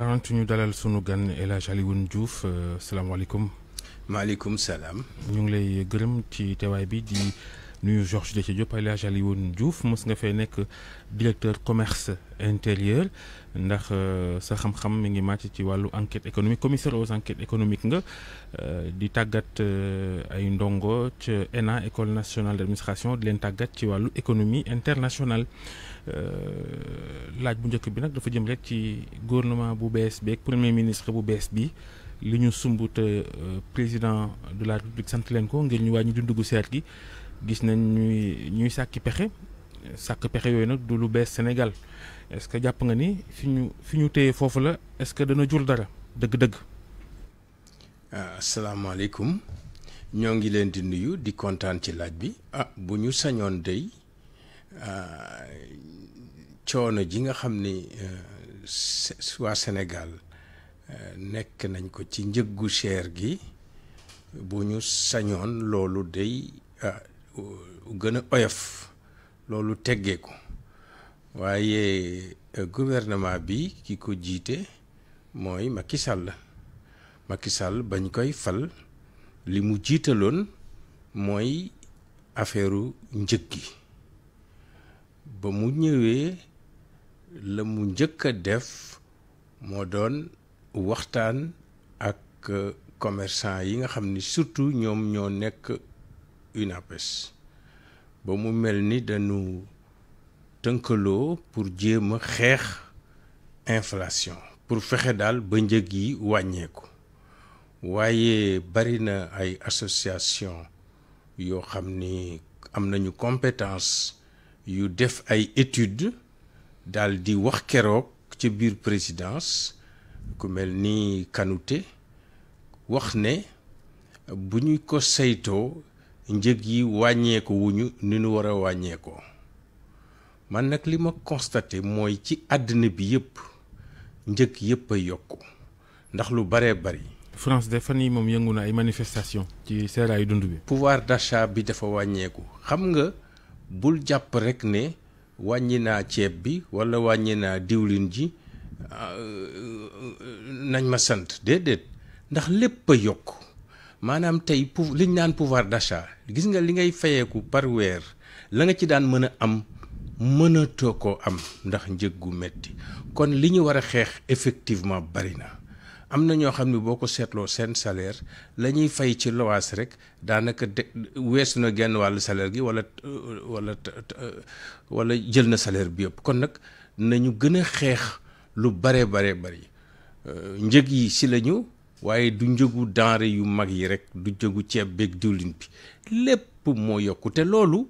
arante ñu dalal sunu gan El Hadj Alioune Diouf euh, salaamaaleykum. maaleykum salaam. ñu ngi lay gërëm ci teewaay bi di. nuyu Georges Déthié Diop El Hadj Alioune Diouf mos nga fee nekk directeur commerce intérieur ndax euh, sa xam-xam mi ngi màcc ci wàllu enquête économique commissaire aux enquêtes économiques nga euh, di tàggat euh, ay ndongo ca ENA école nationale d'administration di leen tàggat ci wàllu économie internationale laaj bu njëkk bi nag dafa jëm rek ci gouvernement bu bees bi ak premier ministre bu bees bi li ñu sumb te euh, président du la république sant leen ko ngir ñu wàññi dundu gu seet gi gis nañ ñuy ñuy sàkki pexe sàkk pexe yooyu nag du lu bees Sénégal est-ce que jàpp nga ni fi ñu fi ñu téye foofu la est-ce que dana jur dara dëgg-dëgg. Euh, asalaamaaleykum ñoo ngi leen di nuyu di kontaan ci laaj bi ah bu ñu sañoon dey euh, coono ji nga xam ni waa Sénégal. Eh, nekk nañ ko ci njëggu cher gi bu ñu sañoon loolu day ah, gën a oyof loolu ko waaye eh, gouvernement bi ki ko jiite mooy Macky Sall Macky Sall bañ koy fal li mu jiitaloon mooy affaireu njëg gi ba mu ñëwee la mu njëkk a def moo doon waxtaan ak euh, commerçant yi nga xam ni surtout ñoom ñoo nekk UNAPES ba mu mel ni dañu tënkaloo pour jéem a xeex inflation pour fexe daal ba njëg yi wàññeeku waaye bari na ay association yoo xam ni am nañu compétence yu def ay études dal di wax keroog ca biir présidence ku mel ni Kanouté wax ne bu ñu ko saytoo njëg yi wàññeeku wuñu ni ñu war a wàññeekoo man nag li ma constaté mooy ci àddina bi yëpp njëg yëpp a yokk ndax lu baree bari. France de fan yi moom yëngu na ay manifestation ci seeraayu dund bi. pouvoir bi dafa wàññeeku xam nga bul jàpp rekk ne wàññi naa ceeb bi walla wàññi naa diwlin ji Euh, euh, euh, nañ ma sant déedéet ndax lépp a yokk maanaam tey pour liñ naan pouvoir d'achat gis nga li ngay fayeeku par weer la nga ci daan mën a am mënatoo ko am ndax njëg gu metti kon li ñu war a xeex effectivement bari na am na ñoo xam ne boo ko seetloo seen salaire la ñuy fay ci lowaas rek daanaka de weesu na genn wàllu salaire gi wala wala jël na salaire bi yëpp kon nag nañu gën a xeex lu bare bare bari euh, njëg yi si la waaye du njëgu denrée yu mag yi rek du njëgu ceeb beeg diwlin bi lépp moo yokku te loolu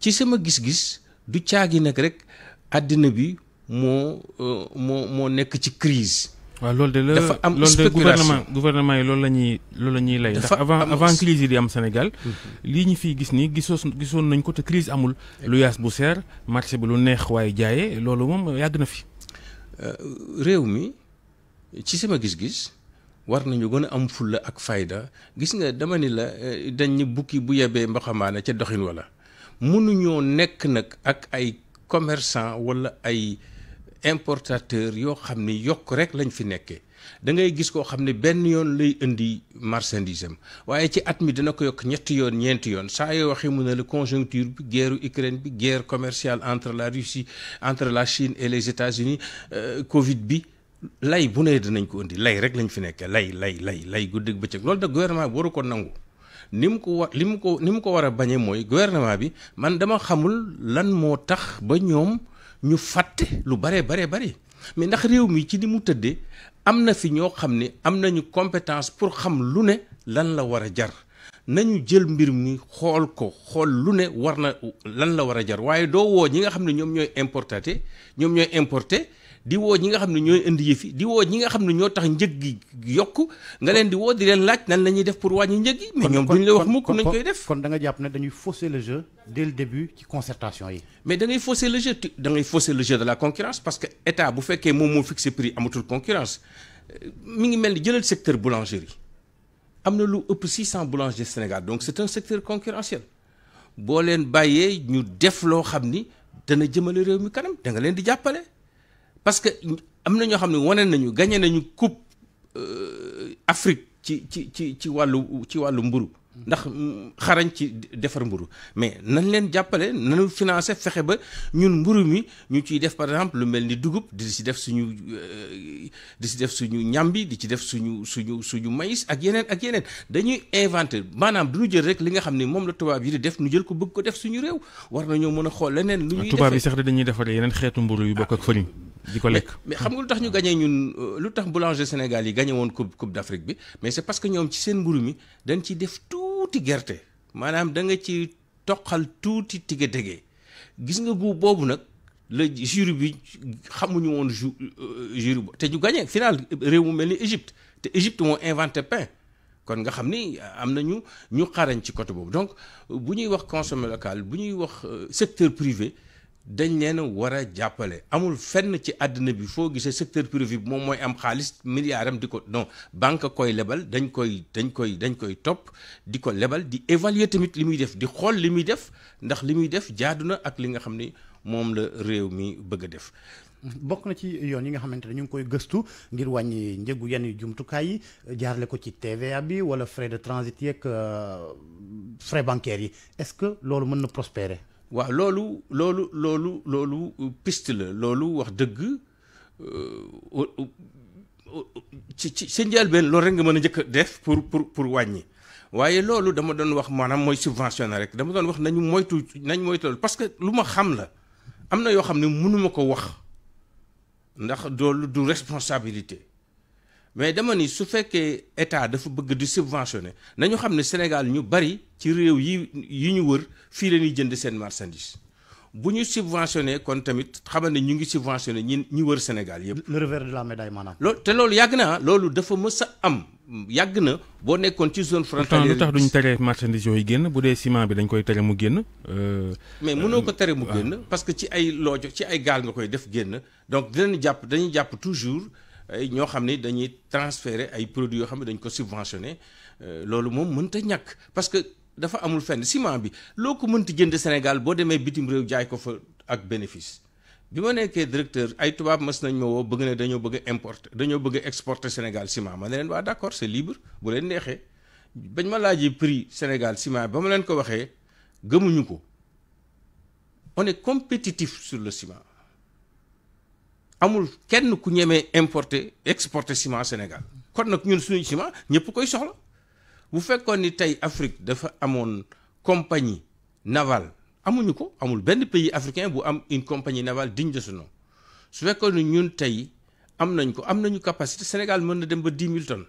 ci sama gis-gis du caagi nag rek àddina bi moo euh, moo nekk ci crise waaw loolu de la dafa am spéculation gouvernement gouvernement yi loolu la ñuy loolu la ñuy lay. dafa avant avant crise yi di am Sénégal. Mhm. lii ñu fiy gis nii gisoo gisoon nañ ko te crise amul. lu yaas bu seer marché bi lu neex waaye jaaye loolu moom yàgg na fi. Euh, réew mi ci sama gis-gis war nañu gën a am fulla ak fayda gis nga dama ni la euh, dañ ni bukki bu yebee mbaxambaane ca doxin wala mënuñoo nekk nag ak ay commerçant wala ay importateur yoo xam ni yokk rek lañ fi nekkee dangay gis koo xam ne benn yoon lay indi marchandise am waaye ci at mi dina ko yokk ñetti yoon ñeenti yoon saa yoo waxee mu ne la conjoncture bi guerre Ukraine bi guerre commerciale entre la Russie entre la Chine et les États-Unis euh, Covid bi lay bu ne dinañ ko indi lay rek lañu fi nekkee lay lay lay lay guddeeg bëccëg loolu da gouvernement bi waru ko nangu ni mu ko war li mu ko ni mu ko war a bañee mooy gouvernement bi man dama xamul lan moo tax ba ñoom ñu fàtte lu bare bare bare mais ndax réew mi ci ni mu tëddee am na fi ñoo xam ne am nañu compétence pour xam lu ne lan la war a jar nañu jël mbir mi xool ko xool lu ne war na lan la war a jar waaye doo woo ñi nga xam ne ñoom ñooy importaté ñoom ñooy importé di woo ñi nga xam ne ñooy indi yëf yi di woo ñi nga xam ne ñoo tax njëg gi yokk nga leen di woo di leen laaj nan la ñuy def pour wàññi njëg yi mais ñoom duñu la wax mukk nañ koy def kon da nga jàpp ne dañuy fausser le jeu dès le début ci concertation yi mais da ngay fausser le jeu da ngay fausser le jeu de la concurrence parce que état bu fekkee moom moo fixé prix amatul concurrence euh, mi ngi mel ni jëlal secteur yi am na lu ëpp 600 boulangers Sénégal donc c'est un secteur boo leen bàyyee ñu def loo xam ni dana jëmale réew mi kanam da nga leen di jàppale parce que am na ñoo xam ne wane nañu gagné nañu coupe euh, Afrique ci ci ci ci wàllu ci wàllu mburu ndax xarañ ci defar mburu mais nañ leen jàppale nañu financé fexe ba ñun mburu mi ñu ciy def par exemple lu mel ni dugub di ci def suñu euh, di ci def suñu ñambi di ci def suñu suñu suñu maïs ak yeneen ak yeneen dañuy inventé maanaam du ñu jël rek li nga xam ne moom la tubaab yi di def ñu jël ko bëgg ko def suñu réew war na ñoo mën a xool leneen. lu ñuy defee tubaab yi sax dañuy defar yeneen xeetu mburu yi bokk ak fëriñ di ko lekk mais xam nga lu tax ñu gagné ñun euh, lu tax boulanger Sénégal yi gagné woon coupe coupe d'Afrique bi mais c'est parce que ñoom ci seen mburu mi dañ ciy def tuuti gerte maanaam da nga ci toqal tuuti tige tege gis nga bu boobu nag la jury bi xamuñu woon ju euh, jury te ñu gagné final réew mu mel ni Égypte te Égypte moo inventé pain kon nga xam ni euh, am nañu ñu xarañ ci côté boobu donc bu ñuy wax consommer local bu ñuy wax secteur privé. dañ leen war a jàppale amul fenn ci àddina bi foo gisee secteur privé bi moom mooy am xaalis milliard di ko non banque koy lebal dañ koy dañ koy dañ koy topp di ko lebal di évaluer tamit li muy def di xool li muy def ndax li muy def jaadu na ak li nga xam ni moom la réew mi bëgg a def. bokk na ci yoon yi nga xamante ne ñu ngi koy gëstu ngir wàññi njëgu yenn jumtukaay yi jaarale ko ci tv bi wala frais de transit yeeg euh, frais bancaires yi est-ce que loolu mën na prospérer. waaw loolu loolu loolu loolu pist la loolu wax dëgg euh, ci ci sa njëlbeen loolu rek nga mën a njëkk def pour pour pour wàññi waaye loolu dama doon wax maanaam mooy subvention subventionné rek dama doon wax nañu moytu nañ moytu loolu parce que lu ma xam la am na yoo xam ne mënuma ko wax ndax doolu du responsabilité mais dama ni su fekkee état dafa bëgg di subventionné nañu xam ne Sénégal ñu bari ci réew yi yi ñu wër fii la ñuy jënd seen marchandise bu ñu subventionné kon tamit xamal ne ñu ngi subventionné ñi ñu wër Sénégal yëpp. le revers de la médaille maanaam. loolu te loolu yàgg na loolu dafa mës a am yàgg na boo nekkoon ci zone frontalière. lu tax duñu tere marchandise génn bu dee ciment bi dañ koy tere mu génn. Euh, mais mënoo ko tere mu euh, génn. parce que ci ay loojo ci ay gaal nga koy def génn donc dinañ jàpp dañuy jàpp toujours. ay ñoo xam ne dañuy transférer ay produits yoo xam ne dañ ko subventionné euh, loolu moom mënta ñàkk parce que dafa amul fenn ciment bi loo ko mënti jënd Sénégal boo demee bitim réew jaay ko fa ak bénéfice bi ma nekkee directeur ay tubaab mas nañ ma woo bëgg ne dañoo bëgg a dañoo bëgg exporte Sénégal ciment ma ne leen waa d'accord c'est libre bu neexee bañ ma laajee prix Sénégal ciment ba ma leen ko waxee gëmuñu ko on compétitif sur le ciment. amul kenn ku ñemee importer exporter ciment Sénégal kon nag ñun suñu ciment ñëpp koy soxla bu fekkoon ni tey Afrique dafa amoon compagnie naval amuñu ko amul benn pays africain bu am une compagnie navale diñ de ce nom su fekkoon ni ñun tey am nañ ko am nañu capacité Sénégal mën na dem ba dix mille tonnes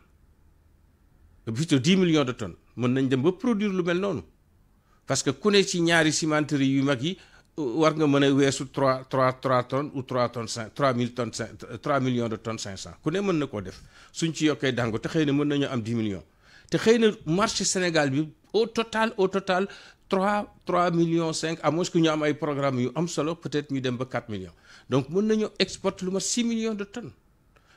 plutôt dix millions de tonnes mën nañ dem ba produire lu mel noonu parce que ku ne ci ñaari cimenterie yu mag yi. war nga mën a weesu trois trois trois tonnes ou trois tonnes cinq trois mille tonnes cinq trois millions de ton cinq cent ku ne mën na koo def suñ ci yokkee dàngo te xëy na mën nañoo am dix millions te xëy na marché Sénégal bi au total au total trois trois millions cinq à moins ku ñu am ay programme yu am solo peut-être ñu dem ba quatre millions donc mën nañoo exporter lu ma six millions de tonnes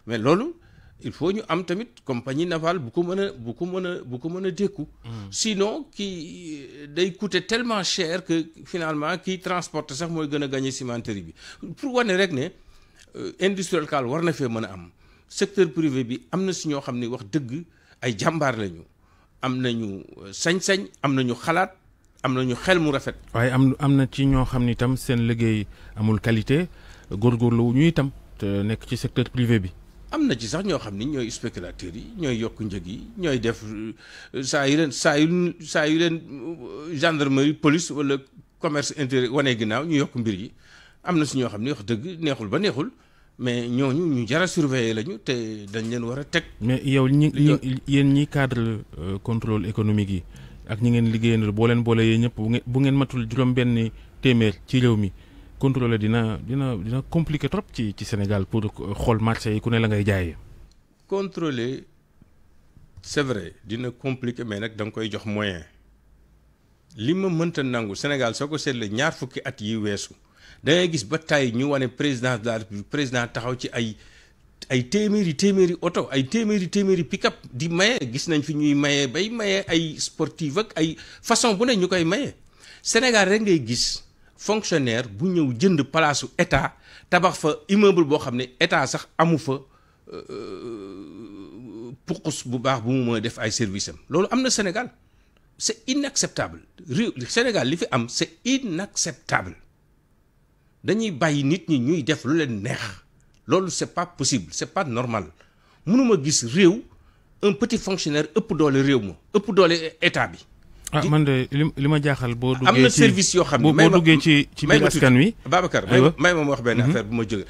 mais loolu il faut ñu am tamit compagnie navale bu ko mën a bu ko mën a bu ko mën a dékku. Hmm. sinon kii day coûter tellement cher que finalement kii transporte sax mooy gën a gagné cimenterie bi pour wane rek ne euh, industrie locale war na fee mën a am secteur privé bi am na si ñoo xam ne wax dëgg ay jàmbaar lañu am nañu euh, sañ-sañ am nañu xalaat am nañu xel mu rafet. waaye am am na ci ñoo xam ni tam seen liggéey amul qualité góor wu ñu itam nekk ci secteur privé bi. am na ci sax ñoo xam ni ñooy spéculateurs yi ñooy yokk njëg yi ñooy def euh, saa yu leen saa yu saa yu leen euh, gendarmerie police wala commerce intérieur wanee ginnaaw ñu yokk mbir yi am na si ñoo xam ni wax dëgg neexul ba neexul mais ñooñu ñu jara surveiller lañu te dañ leen war a teg. mais yow ñi ñi yéen ñi cadre euh, contrôle économique yi ak ñi ngeen liggéeyandoo boo leen boole yee ñëpp bu ngeen bu ngeen matul juróom-benn téeméer ci réew mi. contrôler dina dina dina compliqué trop ci ci Sénégal pour xool marché yi ku ne la ngay jaayee. contrôler c'est vrai dina compliqué mais nag da nga koy jox moyen li ma mënta nangu Sénégal soo ko seetlee ñaar fukki at yi weesu da ngay gis ba tey ñu wane président de président taxaw ci ay ay téeméeri téeméeri oto ay téeméeri téeméeri pick-up di maye gis nañ fi ñuy maye bay maye ay sportive ak ay façon bu ne ñu koy maye Sénégal rek ngay gis. fonctionnaire bu ñëw jënd palaasu état tabax fa immeuble boo xam ne état sax amu fa euh, puqus bu baax bu mu mën def ay service am loolu am na Sénégal c'est inacceptable réew Sénégal li fi am c'est inacceptable dañuy bàyyi nit ñi ñuy def lu leen neex loolu c'est pas possible c'est pas normal mënuma gis réew un petit fonctionnaire ëpp doole réew ma ëpp doole état bi ah man de li ma jaaxal boo. duggee ci am na service yoo xam ne boo duggee ci ci biir askan wi. Babacar may ma ma wax benn mhm. affaire bu ma jógee.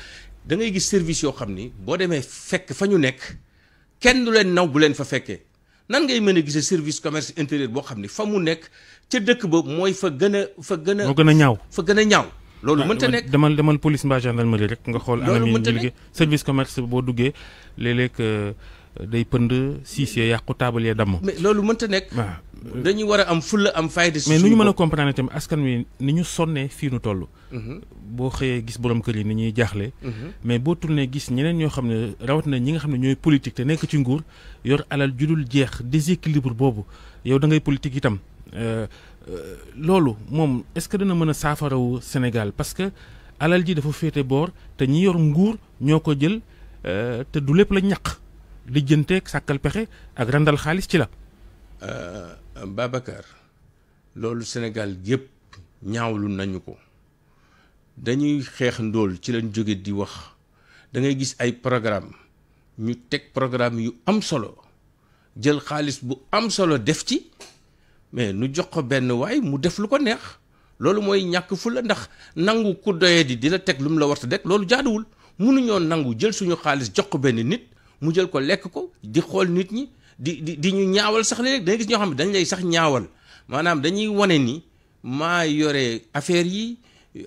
da ngay gis service yoo xam ni boo demee fekk fa ñu nekk kenn du leen naw bu leen fa fekkee nan ngay mën a gisee service commerce intérieur boo xam ni fa mu nekk ca dëkk ba mooy fa gën a fa gën a. moo gën a ñaaw fa gën a ñaaw. loolu ah, mënta nekk demal demal police mbaa gendarmerie rek nga xool. anam yi ñu liggéey service commerce boo duggee léeg-léeg euh, day pënd siis yee yàqu taabal yee damm. mais loolu mënta ah. dañuy war a am fulla am fayda si mais nu ñu mën a comprendre tamit askan wi ni ñu sonnee fii nu toll mhm. boo xëyee gis borom kër yi ni ñuy jaaxle mhm. mais boo tourné gis ñeneen ñoo xam ne rawat na ñi nga xam ne ñooy politique te nekk ci nguur yor alal dul jeex déséquilibre boobu yow da ngay politique itam euh, euh, loolu moom est-ce que dana mën a saafarawu Sénégal parce que alal ji dafa féete boor te ñi yor nguur ñoo ko jël euh, te du lépp la ñaq lijjanteeg sàkkal pexe ak randal xaalis ci la Babacar loolu Sénégal yëpp ñaawlu nañu ko dañuy xeex ndóol ci lañ jóge di wax da ngay gis ay programme ñu teg programme yu am solo jël xaalis bu am solo def ci mais nu jox ko benn waay mu def lu ko neex loolu mooy ñàkk fu ndax nangu ku doyee di di la teg lu mu la warta deg loolu jaaduwul mënuñoo nangu jël suñu xaalis jox ko benn nit mu jël ko lekk ko di xool nit ñi di di ñu ñaawal sax léeg-léeg gis ñoo xam ne dañ lay sax ñaawal maanaam dañuy wane ni maa yore affaire yi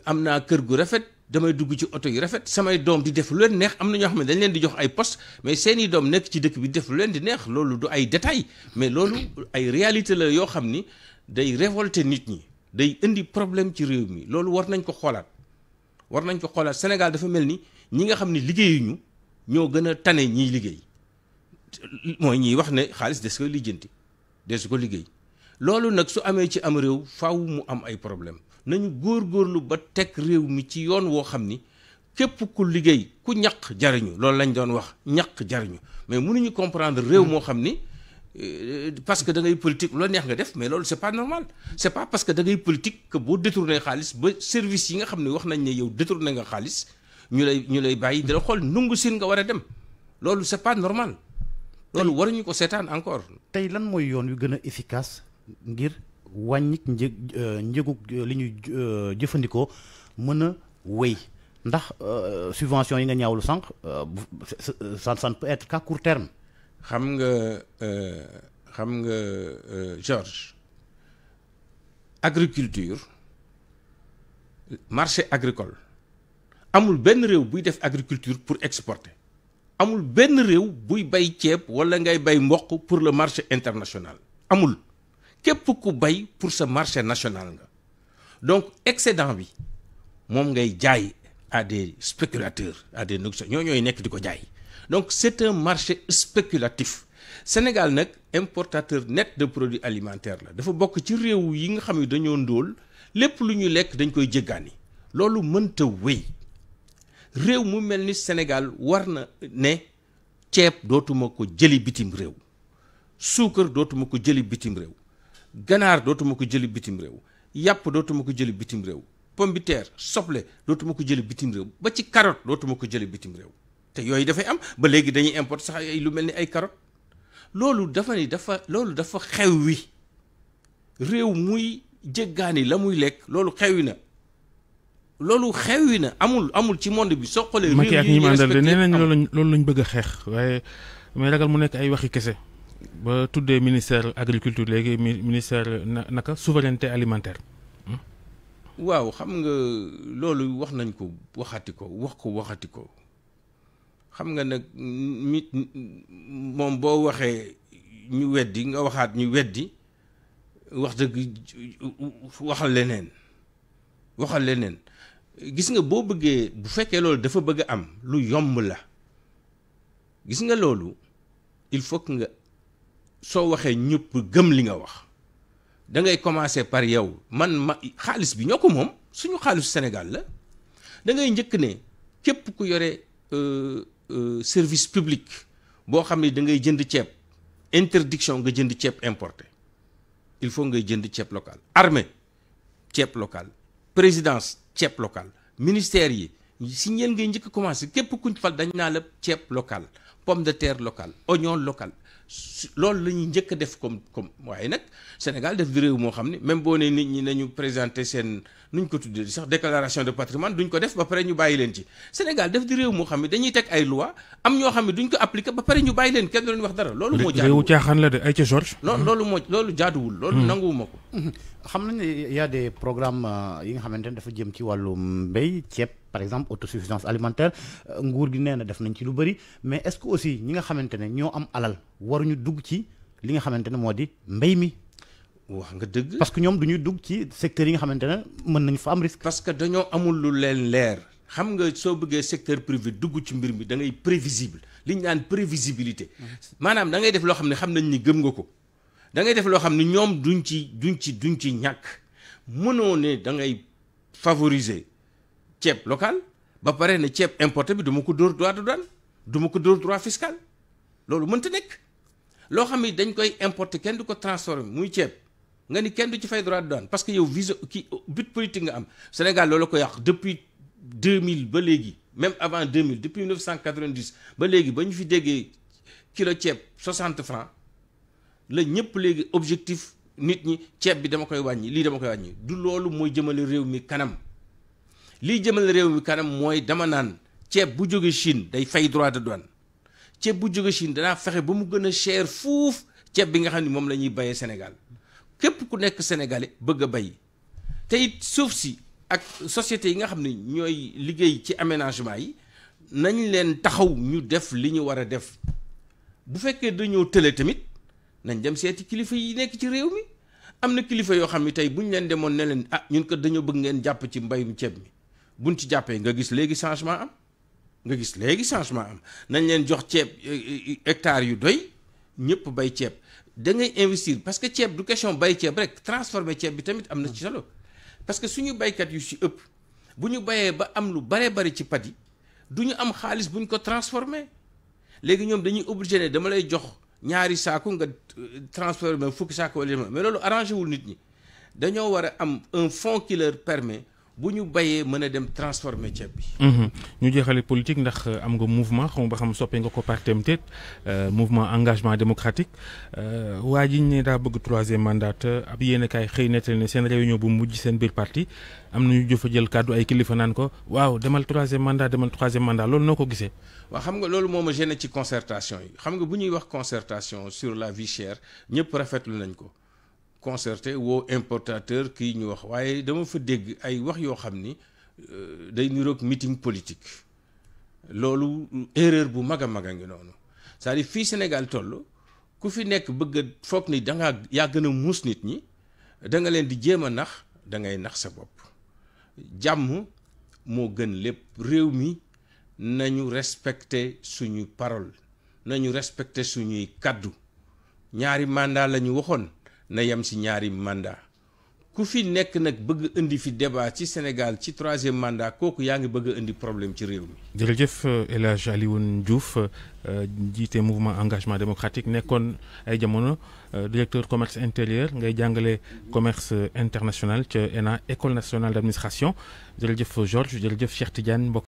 am naa kër gu rafet damay dugg ci oto yi rafet samay doom di def lu leen neex am na ñoo xam ne dañ leen di jox ay poste mais seeni doom nekk ci dëkk bi def lu leen di neex loolu du ay détail mais loolu ay réalité la yoo xam ni day révolter nit ñi day indi problème ci réew mi loolu war nañ ko xoolaat war nañ ko xoolaat Sénégal dafa mel ni ñi nga xam ne liggéeyuñu ñoo gën a tane ñiy liggéey mooy ñiy wax ne xaalis des ko lijjanti des ko liggéey loolu nag su amee ci am réew faaw mu am ay problème nañu góorgóorlu ba teg réew mi ci yoon woo xam ni képp ku liggéey ku ñaq jariñu loolu lañ doon wax ñaq jariñu mais mënuñu comprendre réew moo xam ni euh, parce que da ngay politique loo neex nga def mais loolu c'est pas normal c'est pas parce que da ngay politique que boo détourné xaalis ba service yi nga xam ne wax nañ ne yow détourné nga xaalis ñu lay ñu lay bàyyi di xool nungu sin nga war a dem loolu c'est pas normal loolu waruñu ko seetaan encore. tey lan mooy yoon yu gën a efficace ngir wàññi njëg euh, njëgu euh, li ñuy euh, jëfandikoo mën a wéy ndax subvention yi nga ñaawlu sànq ça ça etre peut être court terme. xam nga xam nga Georges agriculture marché agricole amul benn réew buy def agriculture pour exporter. amul benn réew buy bay ceeb wala ngay bay mboq pour le marché international amul képp ku bay pour sa marché national nga donc excédent bi moom ngay jaay à des spéculateurs à des négociateurs ñoo ñooy nekk di ko jaay donc c'est un marché spéculatif Sénégal nag importateur net de produit alimentaire la dafa bokk ci réew yi nga xam ne dañoo ndóol lépp lu ñu lekk dañ koy jéggaani loolu mënta wéy réew mu mel ni senegal war na ne ceeb dootuma ko jëli bitim réew suukar dootuma ko jëli bitim réew ganaar dootuma ko jëli bitim réew yàpp dootuma ko jëli bitim réew pomme soble dootuma ko jëli bitim réew ba ci carotte dootuma ko jëli bitim réew te yooyu dafay am ba léegi dañuy import sax ay lu mel ni ay carotte loolu dafa ni dafa loolu dafa xew wi réew muy jéggaani la muy lekk loolu xew wi na loolu xewwi na amul amul ci monde bi soo xoolee. réew yi ak ñi mandal de nee nañ loolu loolu bëgg a xeex waaye may ragal mu nekk ay waxi kese ba tuddee ministère agriculture léegi ministère naka souveraineté alimentaire. waaw xam nga loolu wax nañ ko waxati ko wax ko waxati ko xam nga nag nit moom boo waxee ñu weddi nga waxaat ñu weddi wax dëgg waxal leneen waxal leneen. gis nga boo bëggee bu fekkee loolu dafa bëgg am lu yomb la gis nga loolu il faut que nga soo waxee ñëpp gëm li nga wax da ngay commencer par yow man ma xaalis bi ñoo ko moom suñu xaalisu Sénégal la da ngay njëkk ne képp ku yore euh, euh, service public boo xam ne da ngay jënd ceeb interdiction nga jënd ceeb importe il faut ngay jënd ceeb local arme ceeb local présidence ceeb local ministère yi si ñeen ngay njëkk commencé képp kuñ fal dañ naa la ceeb local pomme de terre locale oignon local loolu la ñuy njëkk def comme comme waaye nag Sénégal def di réew moo xam ne même boo ne nit ñi nañu présenté seen nuñ ko tuddee sax déclaration de patrimoine duñ ko def ba pare ñu bàyyi leen ci Sénégal def di réew moo xam ne dañuy teg ay loi am ñoo xam ne duñ ko appliqué ba pare ñu bàyyi leen kenn du leen wax dara loolu moo jaaduwul réewu caaxaan la de ay ca loolu loolu moo loolu jaaduwul loolu nanguwuma ko xam nañ ne y a des yi nga xamante ne dafa jëm ci wàllu mbéy ceeb par exemple autosuffisance alimentaire euh, nguur gi nee na def nañ ci lu bëri mais est-ce que aussi ñi nga xamante ne ñoo am alal waruñu dugg ci li nga xamante ne moo di mbéy mi. wax nga dëgg. parce que ñoom du ñu dugg ci secteurs yi nga xamante ne mën nañ fa am risque. parce que dañoo amul lu leen leer. xam nga soo bëggee secteur privé dugg ci mbir mi da ngay prévisible li ñu naan prévisibilité. Mm-hmm. maanaam da ngay def loo xam ne xam nañ ni gëm nga ko. da ngay def loo xam ne ñoom duñ ci duñ ci duñ ci ñàkk mënoo ne ceeb local ba pare na ceeb importé bi duma ko dóor droit de douane du ko dóor droit fiscal loolu mënta nekk loo xam ni dañ koy importé kenn du ko transformé muy ceeb nga ni kenn du ci fay droit de douane parce que yow visa kii but politique nga am Sénégal loolu ko yàq depuis 2000 ba léegi même avant mille depuis 1990 ba léegi ba ñu fi déggee kilo ceeb 60 francs la ñëpp léegi objectif nit ñi ceeb bi dama koy wàññi lii dama koy wàññi du loolu mooy jëmale réew mi kanam. lii jëmal réew mi kanam mooy dama naan ceeb bu jóge Chine day fay droit de douane ceeb bu jóge Chine danaa fexe ba mu gën a cher fuuf ceeb bi nga xam ne moom lañuy ñuy bayee Sénégal képp ku nekk sénégalais bëgg a bay te suuf si ak sociétés yi nga xam ne ñooy liggéey ci aménagement yi nañ leen taxaw ñu def li ñu war a def bu fekkee dañoo tële tamit nañ dem seeti kilifa yi nekk ci réew mi am na kilifa yoo xam ne tey bu ñu leen demoon ne leen ah ñun ko dañoo bëgg ngeen jàpp ci mbayum ceeb mi buñ ci jàppee nga gis léegi changement am nga gis léegi changement am nañ leen jox ceeb euh, euh, hectares yu doy ñëpp bay ceeb dangay investir parce que ceeb du question bay ceeb rek transformer ceeb bi tamit am na ci solo parce que suñu baykat yu si ëpp bu ñu bayee ba am lu bare bari ci pat yi du ñu am xaalis buñ ko transformer léegi ñoom dañuy obligé dama lay jox ñaari saako nga euh, transformer fukki saako wala mais loolu arrangé wul nit ñi dañoo war a am un fonds qui leur bu ñu bayee mën a dem transformer ceeb bi. Mhm. ñu jeexale politique ndax euh, am nga mouvement xam ba xam soppee nga ko partem teet euh, mouvement engagement démocratique euh, waa ji ñu ne daa bëgg troisième mandat ab yéen kaay xëy nettal ne seen réunion bu mujj seen biir parti am na ñu jëfa jël kàddu ay kilifa naan ko waaw demal troisième mandat demal troisième mandat loolu noo ko gisee. waaw xam nga loolu moo ma gêné ci concertation yi xam nga bu ñuy wax concertation sur la vie ñëpp rafetlu nañ ko. concerté woo importateur kii ñu wax waaye dama fa dégg ay wax yoo xam ni euh, day niroog meeting politique loolu erreur bu mag a mag a ngi noonu cest à fii Sénégal toll ku fi nekk bëgg a foog ni da ngaa yaa gën a muus nit ñi da nga leen di jéem a nax da ngay nax sa bopp jàmm moo gën lépp réew mi nañu respecté suñu parole nañu respecté suñuy kàddu ñaari mandat la ñu waxoon na yem si ñaari mandat ku fi nekk nag bëgg indi fi débat ci Sénégal ci troisième mandat kooku yaa ngi bëgg indi problème ci réew mi. jërëjëf euh, El Hadj Alioune Diouf euh, jiite mouvement engagement démocratique nekkoon ay jamono euh, directeur commerce intérieur ngay jàngale commerce international ca ENA école nationale d' administration jërëjëf Georges jërëjëf Cheikh Tidiane mbokk